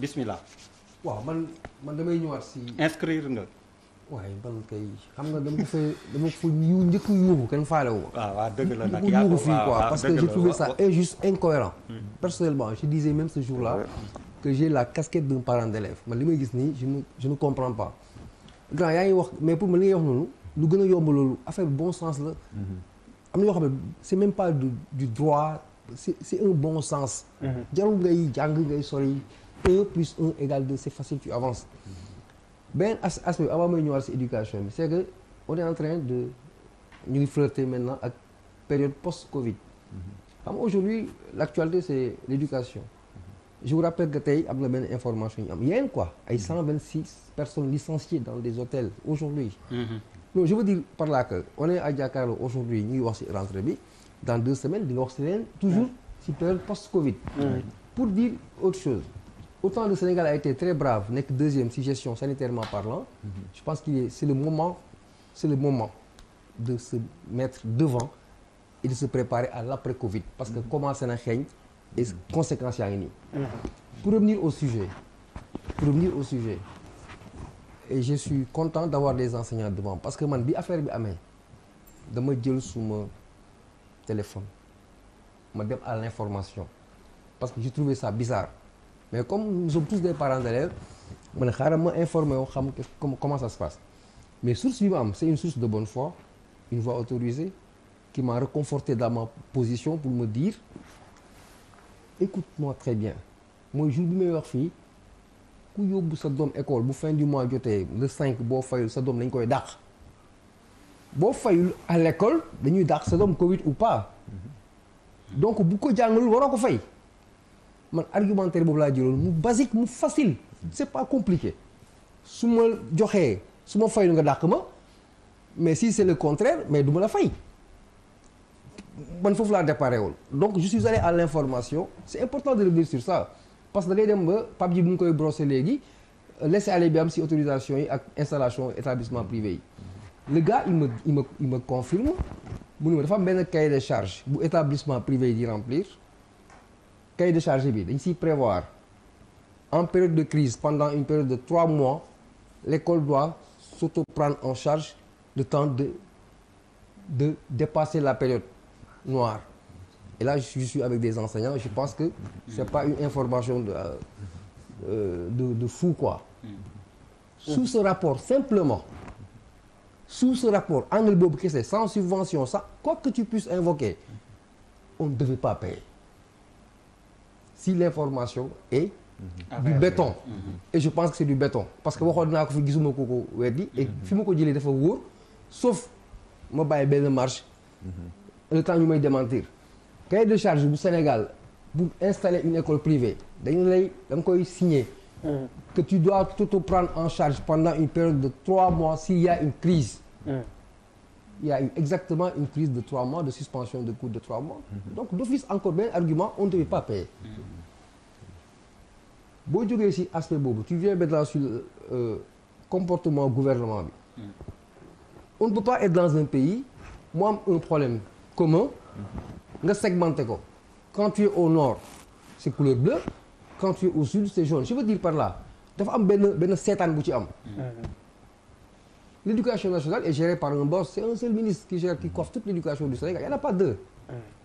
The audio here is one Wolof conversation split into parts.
bismillah waaw man man damay ñëwaat si. inscrire nga. waaye ban kay xam nga dama ko fa dama ko fa yu njëkk yuuxu kenn faale wu ma. waaw la nag yaa ko parce que hmm. je disais même que j'ai parent d'élève man li may gis nii je ne comprends pas. grand yaa ngi wax mais pour man li ngay wax noonu lu gën a yomb loolu affaire bi bon sens la. Hmm. am na yoo xam ne c'est même pas du droit c'est un bon sens. Hmm. jarul ngay jàng ngay sori. 1 plus 1 égale 2 c'est facile as aspect avant may ñëwaat si éducation bi c'est que on est en train de ñu ngi flirter maintenant ak période post-Covid xam nga aujourd'hui l'actualité c'est l'éducation je vous rappelle que tey am na benn information ñu am yéen quoi ay 126 personnes licenciées dans des hôtels aujourd'hui non je veux dire par là que on est à Jakaarlo aujourd'hui ñu wax si rentrée bi dans deux semaines di nga wax si leen toujours si période post-Covid pour dire autre chose autant le Sénégal a été très brave nekk deuxième si gestion sanitairement parlant mm -hmm. je pense qu'il est c'est le moment c'est le moment de se mettre devant et de se préparer à l'après Covid parce que mhm. commencé na xeeñ et mhm. conséquence yaa ngi nii ah. pour revenir au sujet pour revenir au sujet et je suis content d'avoir des enseignants devant parce que man bi affaire bi amee dama jël suma téléphone ma dem à l'information parce que j'ai trouvé ça bizarre mais comme nous tous des parents ma ne xaaral ma informé wo xam comme comment ça se passe mais source bi ma am c'est une source de bon foi une voix autorisée qui m'a réconforté dans position pour ma dire écoute-moi très bien mooy jour bi may wax fii ku yóbbu sa doom école bu fin du mois jotee le cinq boo fayul sa doom dañ koy dàq boo fayul à l'école dañuy dàq sa doom Covid ou pas mm-hmm. donc bu ko jàngalul waroo ko fay man argumentaire boobu laa jëloon mu basique mu facile c'est pas compliqué su ma joxee su ma lu nga dàq ma mais si c'est le contraire mais du ma la fay man foofu laa déparé wul donc je suis allé à l'information de revenir sur ça parce que da dem ba Pape ji bu koy brosser léegi laisser aller bi am si autorisation yi ak installation établissement privé yi le gars il me il me confirme mu ma dafa benn cahier de charge bu établissement privé yi di remplir cahier de charge bi dañ siy prévoir en période de crise pendant une période de trois mois l'école doit surtout prendre en charge le temps de de dépasser la période noire et là je suis avec des enseignants je pense que c'est pas une information de euh, de de fou quoi sous ce rapport simplement sous ce rapport angle boobu kese sans subvention ça quoi que tu puisses invoquer on ne devait pas payer si l'information est ah du béton mhm. et je pense que c'est du béton parce que waxoon naa ko fi gisuma ko ko weddi et mhm. fi ma ko jëlee dafa wóor sauf ma bàyyi benn marche mhm. le temps ñu may démentir cahier de charge bu Sénégal bu installer une école privée dañu lay da koy signer que tu dois tout prendre en charge pendant une période de trois mois s'il y a une crise il y a eu exactement une crise de trois mois de suspension de cours de trois mois mhm. donc d'office encore benn argument on ne devait pas payer mhm. boo jogee si aspect boobu tu viens maintenant sur euh, comportement gouvernement bi mhm. on ne peut pas dans un pays mu am un problème commun nga segmenté ko quand au nord c'est couleur bleue quand au sud c'est jaune je veux dire par la dafa am benn benn seetaan bu ci am l'éducation nationale e gérée par un boss c'est un seul ministre qui gère qui coiffe toute l'éducation du Sénégal il n'y en a pas deux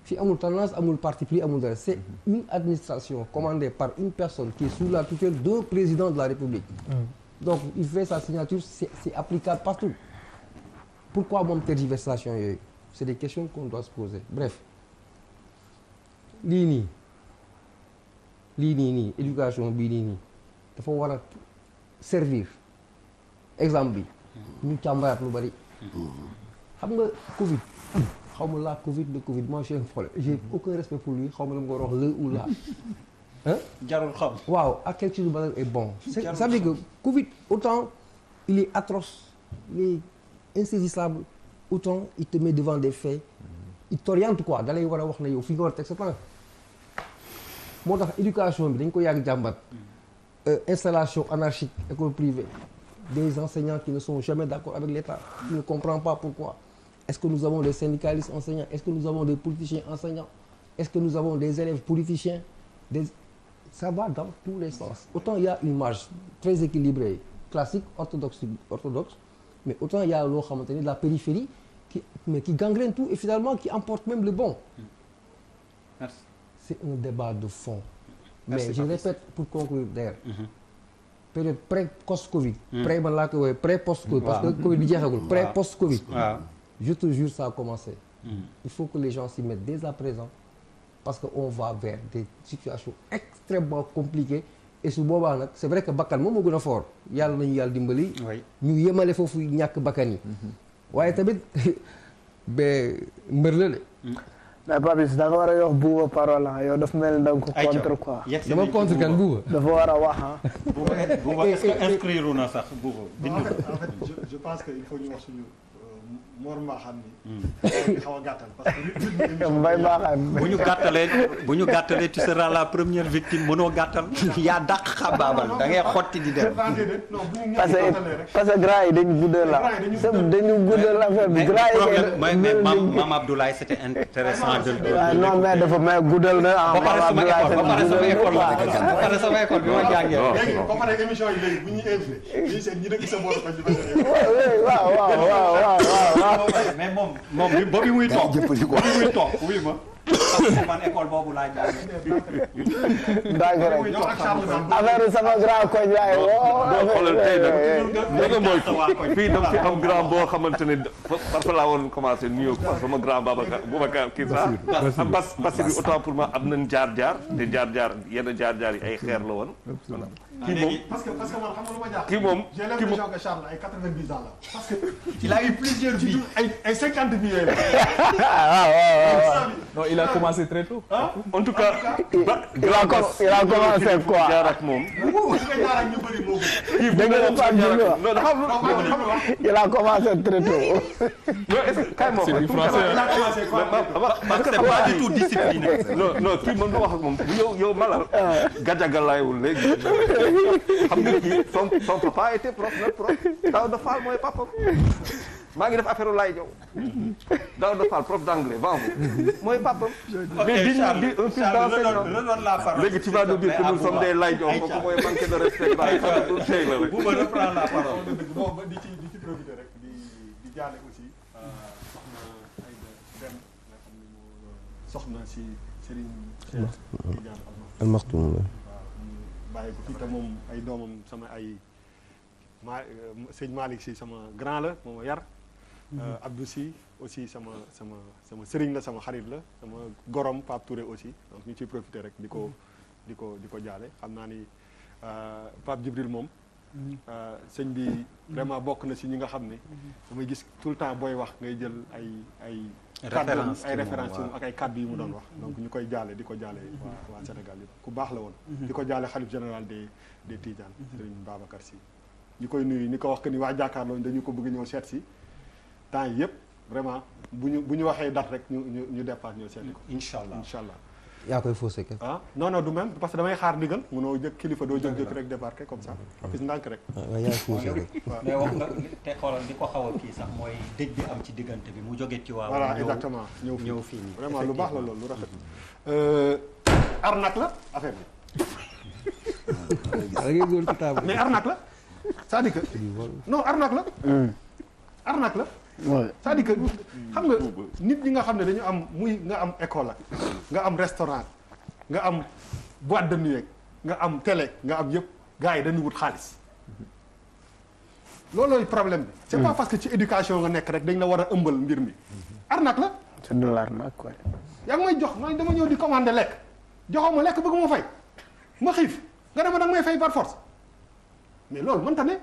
fii amul parti pris amul dara c'est mm-hmm. une administration commandée par une personne qui est la tutelle d'un président de la République mm. donc il fait sa signature c'est c'est applicable partout pourquoi moom tergiversation yooyu c'est des questions qu'on doit se bref lii nii lii nii nii éducation bii nii nii dafa war a servir exemple bi ñu càmbaraat lu bari. xam nga Covid. xaw ma laa Covid de Covid moi j'ai un problème aucun respect pour lui xaw ma la ma ko wax le ou la. jarul xam waaw ak quelque chose de banal bon. jarul ça veut dire que Covid autant il est atroce il est insaisissable autant il met devant des faits. il t'oriente quoi da war a wax na yow fi nga war a teg moo tax éducation bi dañ ko yàgg jàmbat. Euh, installation anarchique école privée. des enseignants qui ne sont jamais d'accord avec l'État. Je ne comprends pas pourquoi. est nous avons des syndicalistes enseignants Est-ce que nous avons des politiciens enseignants est nous avons des élèves politiciens des... Ça va dans tous les sens. Autant il y a une marge très équilibrée, classique, orthodoxe, orthodoxe mais autant il y a de la périphérie qui, mais qui gangrène tout et finalement qui emporte même le bon. C'est un débat de fond. Merci mais je répète pour conclure d'ailleurs. Mm-hmm. période pré post Covid. pré man laa koy woowee pré post Covid. parce que Covid bi jeexagul pré post Covid. je te jure ça commencé. il faut que les gens s'y mettent dès à présent parce que on va vers des situations extrêmement compliquées et su boobaa nag c'est vrai que bakkan moom moo gën a fort yàlla nañu yàlla dimbali. ñu yemale foofu ñàkk bakkan yi. Mm-hmm. waaye tamit ba mbër la de. Mm. mais Papis da war a yox buuba parole ah yow dafa mel ni da nga ko contre quoi. dama dafa war a wax ah. buuba est-ce que inscrire na sax buuba. en je pense que il faut ñu wax suñu. Mor Mbaxaan ni hmm. xaw a gàttal parce que. Mbaye bu ñu gàttalee bu ñu gàttalee tu seras la première victime mënoo gàttal. yaa dàq xabaabal da ngay xotti di dem. parce que parce yi dañu guddal la. dañu guddal affaire bi gras yi. mais mais maam Abdoulaye c'était intéressant de. Ah, non mais dafa may guddal ah, ba pare sama école ba pare sama bi ma jàngee. léegi ba pare waaw waaw waaw. mais moom moom ba bi muy toog ba bi muy toog wuyu ma. man école boobu laa jàngee. d'accord affaire sama grand koñ waaye boo xoolal tey nag mooy fii daf fi am grand boo xamante ne parce que laa woon commencé nuyoo parce que sama grand Babacar Boubacar kii sax am bas bas bi autant pour moi am nañ jaar jaar te jaar jaar yenn jaar jaar yi ay xeer la woon kii moom parce que parce que man xam nga lu moom kii moom j'ai l'impression que Charles la. parce que il a eu plusieurs vies ay ay cinquante vies il a commencé très tôt. il a il a commencé quoi. jaar ak moom. ñu moom. kii bu a commencé très moom. c'est du français wax yow yow Malal. Ah. gàjjagal xam nga kii son son papa était prof notre prof Daouda Fall mooy papam maa ngi def affaire laay jow Daouda Fall prof d'anglais vent mooy papam mais di di un fils d'enseignant léegi tu vas nous dire que nous sommes des laay jow kooku mooy manque de respect bàyyi xam nga tey la rek bu ma reprendre la parole bon di ci di ci profiter rek di di jaale aussi euh, soxna Aïda Dem nga xam ne moo soxna si Serigne Cheikh Tidiane Al Maktoum bàyyi ko fii te moom ay doomam sama ay ma sëñ Malick si sama grand la moom yar. Mhm. Euh, Abdou si aussi sama sama sama sëriñ la sama xarit la sama gorom Pape Touré aussi donc ñu ciy profité rek di ko mhm. di ko di ko jaale xam naa ni euh, Pape Djibril moom. Euh, sëñ bi vraiment bokk na si ñi nga xam ne damay gis tout le temps booy wax ngay jël ay ay référence ay référence ak ay kàddu yu mu doon mm-hmm. wax donc ñu koy jaale di ko jaale mm-hmm. waa waa Sénégal yëpp ku baax la woon mm-hmm. di ko jaale xalif général des des Tidiane Serigne Babacar Sy ñu koy nuyu ni ko wax que ni waa jàkkaarloo dañu ko bëgg ñëw seet si temps yëpp vraiment bu ñu bu ñu waxee date rek ñu ñu ñu départ ñëw seeti ko incha allah incha allah yaa koy faussé ah non non du même parce que damay xaar ndigal munoo jëkk kilifa doo jëkk jëkk rek débarqué comme ça bis ah, ndànk rek ah, waaw yaay faussé rek mais wax ko xaw a kii sax mooy dëj ci diggante bi mu jóge ci waaw voilà exactement ñëw fii nii vraiment lu baax la loolu lu rafet euh, arnaque la affaire bi mais arnaque la c'est-à-dire que non arnaque la hmm. arnaque la c'est-à-dire mm. xam nga mm. nit ñi nga xam ne dañu am muy nga am école ak nga am restaurant nga am boîte de nuit nga am télé nga am yëpp gars yi dañuy wut xaalis loolooy problème bi. c'est pas mm. parce que ci éducation nga nekk rek dañ la war a ëmbal mbir mi arnaque la. c'est de l'arnaque quoi. yaa ngi may jox man dama ñëw di commander lekk joxoo ma lekk bëgg ma fay ma xiif nga ne ma danga may fay par force. mais loolu mënta ne.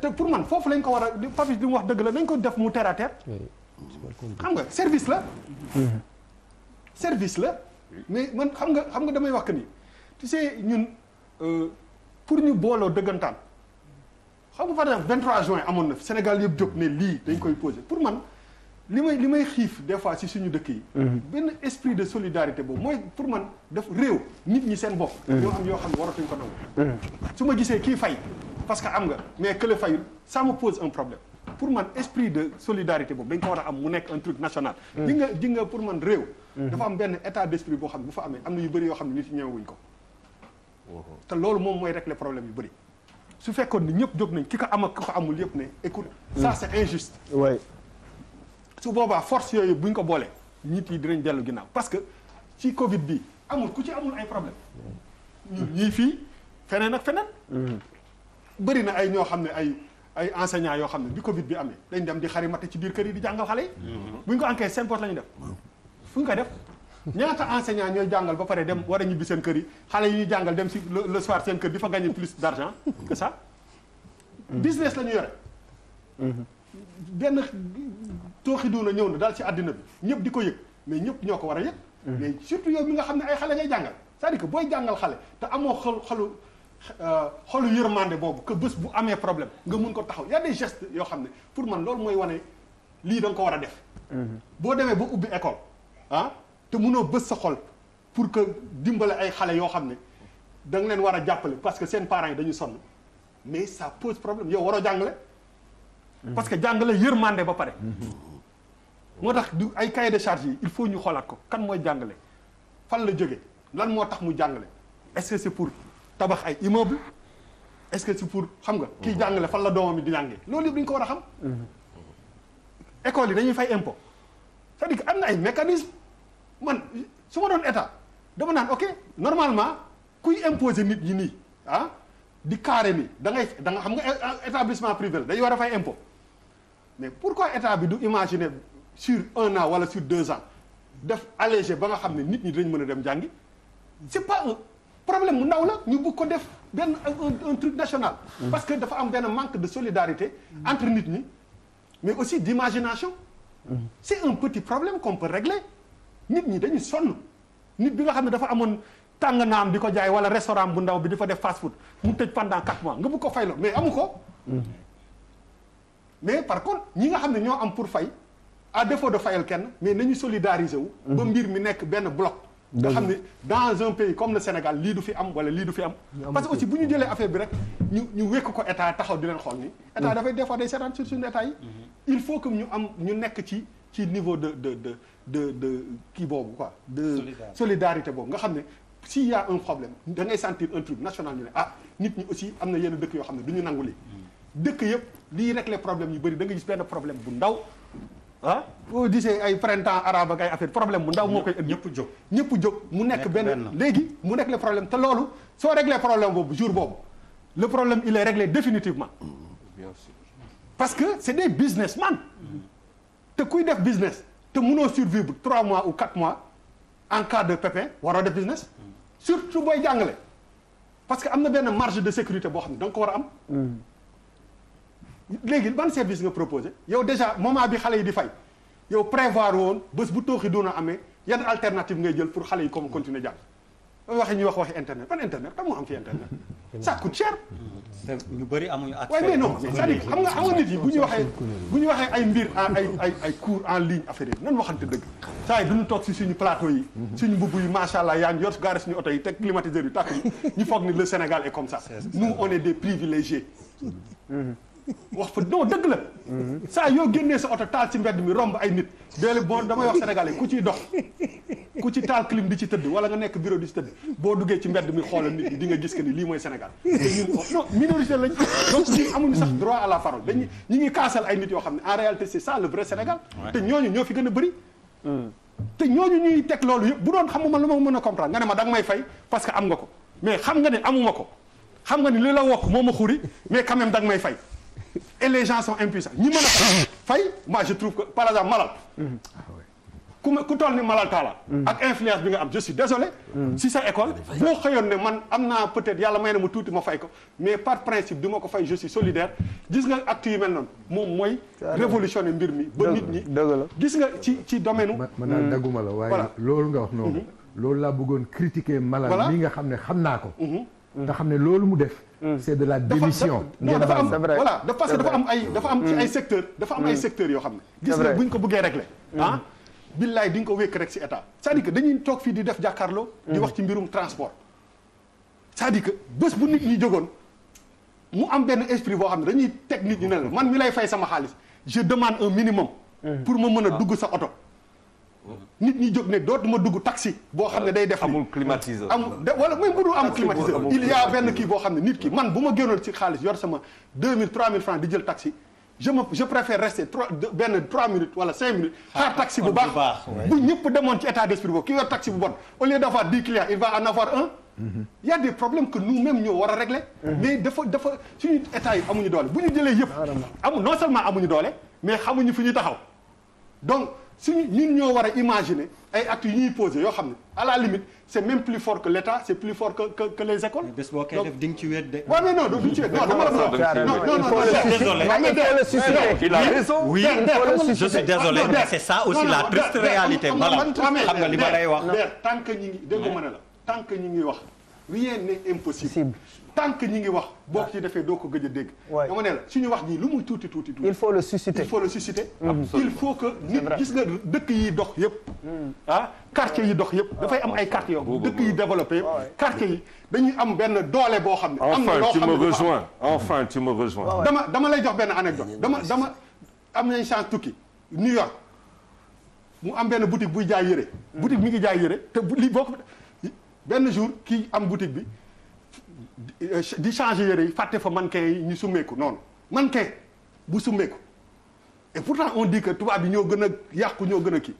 te pour man foofu lañ ko war a Papis di mu wax dëgg la nañ ko def mu terre xam nga service la. Mhm. service la. mais man xam nga xam nga damay wax que ni tu sais ñun euh, pour ñu booloo dëggantaan xam nga par exemple 23 juin amoon na Sénégal yëpp jóg ne lii dañ koy posé pour man. li may li may xiif des fois si suñu dëkk yi. Mhm. benn esprit de solidarité boobu mooy pour man def réew nit ñi seen bopp. yoo mhm. xam ne waratuñ ko nangu. Mhm. su ma gisee kii fay parce que am nga mais que le fayul ça me pose un problème pour man esprit de solidarité boobu dañ ko war a am mu nekk un truc national. di nga di nga pour man réew. dafa am benn état d' boo xam ne bu fa amee am na yu bëri yoo xam ne nit ñi ñëwuñ ko. te loolu moom mooy régler problème yu bëri su fekkoon ni ñëpp jóg nañ ki ko am ak ki ko amul yëpp ne écoute ça c' est injuste. su boobaa force yooyu bu ñu ko boolee nit yi dinañ dellu ginnaaw parce que ci Covid bi amul ku ci amul ay problème ñun ñii fii feneen ak feneen. bëri na ay ñoo xam ne ay ay enseignants yoo xam ne bi Covid bi amee dañ dem di xari matt ci biir kër yi di jàngal xale yi. bu ñu ko enquête seen porte la def. fu ñu ko def ñaata enseignants ñooy jàngal ba pare dem war a ñibbi seen kër yi xale yi ñuy jàngal dem si le soir seen kër di fa gagner plus d'argent que ça. business benn tooxidu na ñëw na daal ci àddina bi ñëpp di ko yëg mais ñëpp ñoo ko war a yëg. mais surtout yow mi nga xam ne ay xale ngay jàngal c'est-à-dire booy jàngal xale te amoo xol xolu euh, xolu yërmande boobu que bés bu amee problème nga mun ko taxaw y a des yoo xam ne pour man loolu mooy wane lii da nga ko war a def. boo demee ba ubbi école ah te munoo bës sa xol pour que dimbale ay xale yoo xam ne da leen war a jàppale parce que seen parent yi dañu sonn mais ça pose problème yow waroo jàngale. parce que jàngale yërmande ba pare. moo tax du ay cahier de charge yi il faut ñu xoolaat ko kan mooy jàngale fan la jóge lan moo tax mu jàngale est-ce que c'est pour tabax ay immeuble est-ce que c'est pour xam nga. kii jàngale fan la doomam di jàngee loolu yëpp dañu ko war a xam. école yi dañuy fay impôt cest à am na ay mécanisme man su ma doon état dama naan ok normalement kuy imposer nit ñi nii ah di carré ni da ngay da nga xam nga établissement privé la war a fay impôt. mais pourquoi état bi du imaginer sur un an wala sur deux ans def allégé ba nga xam ne nit ñi dañ mën a dem jàngi c'est pas un problème mu ndaw la ñu bëgg ko def benn un truc national mmh. parce que dafa am benn manque de solidarité mmh. entre nit ñi mais aussi d'imagination mmh. c'est un petit problème qu'on peut régler nit ñi dañu sonn nit bi nga xam ne dafa amoon tàng naam bi ko jaay wala restaurant bu ndaw bi di fa def fast food mu tëj pendant quatre mois nga bëgg ko fay mais amu ko mais par contre ñi nga xam ne ñoo am pour fay à défaut de fayal kenn mais nañu solidariser wu. Mhm. ba mbir mi nekk benn bloc. nga xam ne dans un pays comme le Sénégal lii du fi am wala lii du fi am. parce que aussi bu ñu jëlee affaire bi rek ñu ñu wékk ko état taxaw di leen xool ni. Mhm. état dafay des fois day seetaan sur suñu état yi. Mhm. il faut que ñu am ñu nekk ci ci niveau de de de de de kii boobu quoi. de solidarité boobu nga xam ne. s'il y a un problème da ngay sentir un national ne ah nit ñi aussi am na yenn yoo xam ne du nangu lii dëkk yëpp. lii régler problème yu bëri da nga gis benn problème bu ndaw ah boo gisee ay printemps arabe ak ay affaire problème bu ndaw moo koy ëpp ñëpp jóg ñëpp jóg mu nekk benn léegi mu nekk le problème te loolu soo régler problème boobu jour boobu le problème il est réglé définitivement parce que c'est des businessmen te kuy def business te mënoo bu trois mois ou quatre mois en cas de pépin waroo def business surtout booy jàngale parce que am na benn marge de sécurité boo xam ne da war a am mm. léegi ban service nga proposé yow déjà moment bi xale yi di fay yow prévoir woon bës bu tooxi doon amee yan alternative ngay jël pour xale yi comme continuer jàng waxi ñuy wax waxi internet ban internet tam mu am fi internet ça coûte cher. ñu bëri amuñu accès. waaye mais non nga xam nga nit yi bu ñu waxee bu ñu ay mbir en ay ay ay cours en ligne affaire yi nan waxante dëgg. saa yi duñu toog si suñu plateau yi. Mhm. suñu mbubb yi macha allah yaa ngi yor gaare suñu oto yi teg climatiseur yi tàkk ñu foog ni le Sénégal est comme ça. nous wax fa non dëgg la. saa yoo génnee sa oto taal ci mbedd mi romb ay nit. déedéet boo damay wax sénégalais ku ciy dox ku ci taal clim di ci tëdd wala nga nekk bureau di ci tëdd boo duggee ci mbedd mi xoolal nit ñi di nga gis que ni lii mooy Sénégal. te ñun oh, non minorité lañ donc ñun amuñu sax droit à la parole dañu ñi ngi kaasal ay nit yoo xam ne en réalité c'est ça le vrai Sénégal. te ñooñu ñoo fi gën a bëri. te ñooñu ñuy teg loolu yëpp bu doon xamuma lu ma mën a comprendre nga ma danga may fay parce que am nga ko mais xam nga ne amuma ko xam nga ni li la wokk moo ma xuri mais quand danga may fay et les gens sont impuissants ñi a fay moi je trouve que par exemple malal ku ku toll ni malal taala mm. ak influence bi nga am je suis désolé mm. si sa école boo xëyoon ne man am naa peut-être yàlla may na mu tuuti ma fay ko mais par principe du ma ko fay je suis solidaire gis nga actes yu mel noonu moom mooy révolution révolutionner mbir mi ba nit ñi gis nga ci ci domaine u man naan mm. dagguma la waaye loolu nga wax mm-hmm. noonu loolu laa bëggoon critiquer malal mi nga xam ne xam naa ko nga mm-hmm. xam ne loolu mu def Mm. c'est de la démission. non dafa am voilà parce que dafa am ay mm. dafa am ci ay mm. secteurs. dafa am ay secteurs yoo xam ne. gis nga bu ñu ko bëggee régler ah. billaay di nga ko wékk rek ci état c'est-à-dire dañuy toog fii di def jàkkaarloo. di wax ci mbirum transport. c'est-à-dire que bés bu nit ñi jógoon mu am benn esprit boo xam ne dañuy technique nit ñi ne la man mi lay fay sama xaalis je demande un minimum. pour ma mën a ah. dugg sa oto. nit ñi jóg ne dootuma dugg taxi. boo xam ne day def amul climatiseur. amul wala muy mënu kii boo xam ne nit ki man bu ma génnoon ci xaalis yor sama 2000 3000 francs di jël taxi. je me je préfère rester trois benn trois minutes wala cinq minutes. Ah, xaar taxi bu baax bu ñëpp demoon ci état d'esprit boobu ki yor taxi bu bon au lieu d'avoir dix clients il va en avoir un. Mm-hmm. y a des problèmes que nous-mêmes ñoo war a mm-hmm. mais amuñu doole mais xamuñu fi ñuy taxaw donc. suñu ñun ñoo war a imaginer ay actes yu ñuy posé yoo xam ne à la limite c' est même plus fort que l' état c' est plus fort que que que les écoles. bés boo koy def di nga ci wéet de. waaw non non du ñu ci wéet non dama la. non non non désolé. il a raison. oui je suis désolé mais c' est ça aussi la triste réalité. voilà xam nga li ma lay wax. tant que ñu ngi dégg ma ne la tant que ñu ngi wax. rien n'est impossible tant que ñi ngi wax boo ci ah. defee doo ko gëj a dégg dama ne la suñu wax nii lu muy tuuti tuuti tuuti il faut le susciter il faut le susciter mm. il que nit gis nga dëkk yi dox yëpp mm. ah quartier yi dox yëpp ah. dafay am ay quartier yoo dëkk yi développé yëpp quartier yi dañuy am benn doole boo xam ne am na loo xam ne enfin tu me rejoins dama dama lay jox benn anecdote dama dama am nañ chance tukki New York mu am benn boutique buy jaay yére mm. boutique mi ngi jaay yére te li boo ko benn jour kii am boutique bi di changer yére yi fàtte fa mannequin yi ñu summeeku noonu mannequin bu summeeku et pourtant on dit que tubaab yi ñoo gën a yàqu ñoo gën a kii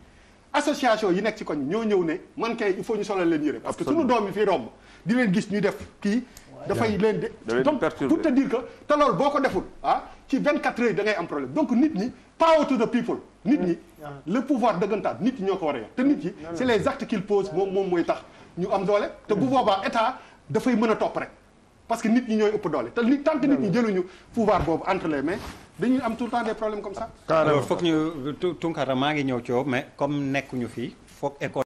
association yi nekk ci koñ ñoo ñëw ne mannequin yi il faut ñu solal leen yére parce que suñu doom yi fii romb di leen gis ñuy def kii dafay leen de donc pour te te loolu boo ko deful ah ci 24 heures da ngay am problème donc nit ñi power to the people nit ñi le pouvoir dëggantaan nit ñi te nit ñi c'est les actes mooy tax ñu am doole te bu boobaa état dafay mën a topp rek parce que nit ñi ñooy ëpp doole te nit tant nit ñi jëluñu pouvoir boobu entre les mains dañuy am tout le temps des problèmes comme ça. Tunkara maa ngi ñëw coow mais comme nekkuñu fii foog école.